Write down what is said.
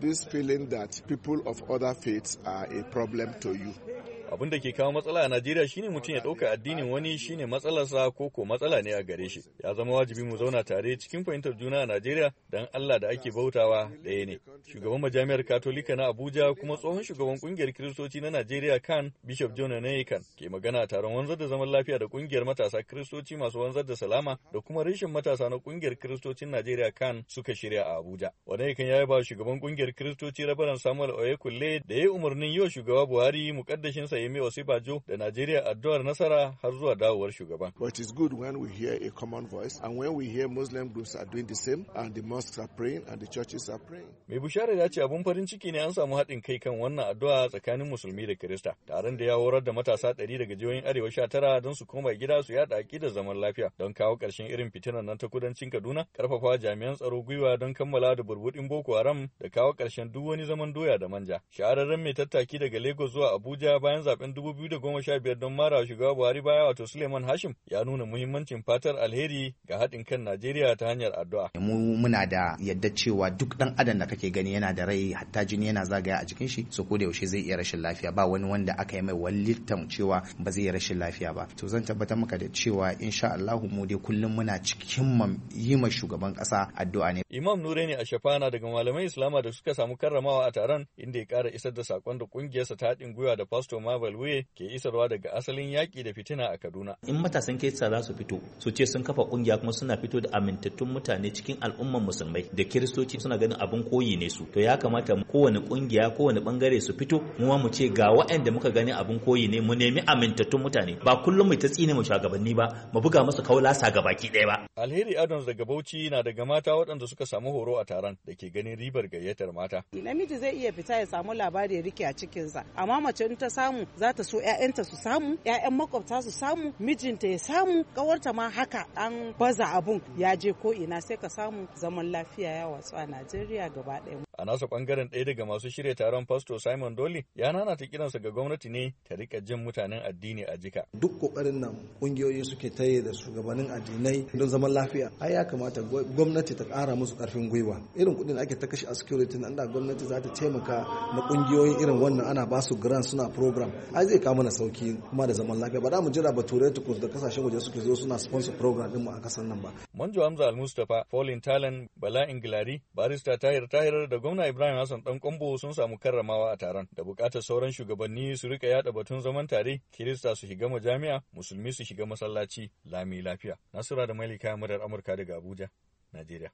this feeling that people of other faiths are a problem to you. abin da ke kawo matsala a Najeriya shine mutum ya ɗauka addinin wani shine matsalarsa ko ko matsala ne a gare shi ya zama wajibi mu zauna tare cikin fahimtar juna a Najeriya dan Allah da ake bautawa ɗaya ne shugaban majami'ar Katolika na Abuja kuma tsohon shugaban kungiyar Kiristoci na Najeriya kan Bishop John nayikan ke magana a taron wanzar da zaman lafiya da kungiyar matasa Kiristoci masu wanzar da salama da kuma reshen matasa na kungiyar Kiristocin Najeriya kan suka shirya a Abuja yakan ya ba shugaban kungiyar Kiristoci Rabaran Samuel Oyekulle da ya yi umarnin yau shugaba Buhari mukaddashin sa Yemi Osibajo da Najeriya addu'ar nasara har zuwa dawowar shugaban. But it's good when we hear a common voice and when we hear Muslim groups are doing the same and the mosques are praying and the churches are praying. Mai bushara ya ce abun farin ciki ne an samu haɗin kai kan wannan addu'a tsakanin musulmi da Kirista. Taron da ya horar da matasa ɗari daga jihohin Arewa sha tara don su koma gida su yaɗa da zaman lafiya don kawo ƙarshen irin fitinan nan ta kudancin Kaduna, ƙarfafawa jami'an tsaro gwiwa don kammala da burbuɗin Boko Haram da kawo ƙarshen duk wani zaman doya da manja. Shahararren mai tattaki daga Lagos zuwa Abuja bayan zaben 2015 don mara shiga Buhari baya wato Suleiman Hashim ya nuna muhimmancin fatar alheri ga haɗin kan Najeriya ta hanyar addu'a. Mu muna da yadda cewa duk ɗan adam da kake gani yana da rai hatta jini yana zagaya a jikin shi so ko da yaushe zai iya rashin lafiya ba wani wanda aka yi mai wallitan cewa ba zai iya rashin lafiya ba. To zan tabbatar maka da cewa insha Allahu mu dai kullum muna cikin yi ma shugaban ƙasa addu'a ne. Imam Nureni Ashafana daga malamai Islama da suka samu karramawa a taron inda ya ƙara isar da saƙon da ƙungiyarsa ta haɗin gwiwa da Pastor Mama Balwe ke isarwa daga asalin yaƙi da fitina a Kaduna. In matasan Kirista za su fito, su ce sun kafa ƙungiya kuma suna fito da amintattun mutane cikin al'ummar musulmai da Kiristoci suna ganin abin koyi ne su. To ya kamata kowane ƙungiya kowane ɓangare su fito, mu mu ce ga waɗanda muka gani abin koyi ne mu nemi amintattun mutane ba kullum mu ta tsine mu shugabanni ba mu buga musu kaulasa baki daya ba. Alheri Adams daga Bauchi na daga mata waɗanda suka samu horo a taron da ke ganin ribar gayyatar mata. Namiji zai iya fita ya samu labari ya rike a cikinsa amma mace in ta samu za ta so 'ya'yanta su samu 'ya'yan makwabta su samu mijinta ya samu kawarta ma haka an baza abun ya je ko ina sai ka samu zaman lafiya ya watsu a najeriya gaba ɗaya A nasa bangaren ɗaya daga masu shirya taron pastor Simon Dolly ya nana ta kiransa ga gwamnati ne ta rika jin mutanen addini a jika. Duk ƙoƙarin nan ƙungiyoyi suke taye da shugabannin addinai don zaman lafiya. Ai ya kamata gwamnati ta ƙara musu ƙarfin gwiwa. Irin kuɗin ake ta kashe a security na da gwamnati za ta taimaka na ƙungiyoyin irin wannan ana ba su grant suna program. Ai zai kawo mana sauki kuma da zaman lafiya. Ba za mu jira ba bature tukus da kasashen waje suke zo suna sponsor program mu a kasan nan ba. Manjo Hamza Al-Mustapha, Paulin Talan, Bala Ingilari, Barista Tahir Tahir da gwamna Ibrahim Hassan dan Kwambo sun samu karramawa a taron da bukatar sauran shugabanni su rika yaɗa batun zaman tare, Kirista su shiga majami'a, Musulmi su shiga masallaci, lami lafiya. Nasura da Malika murar Amurka daga Abuja, Najeriya.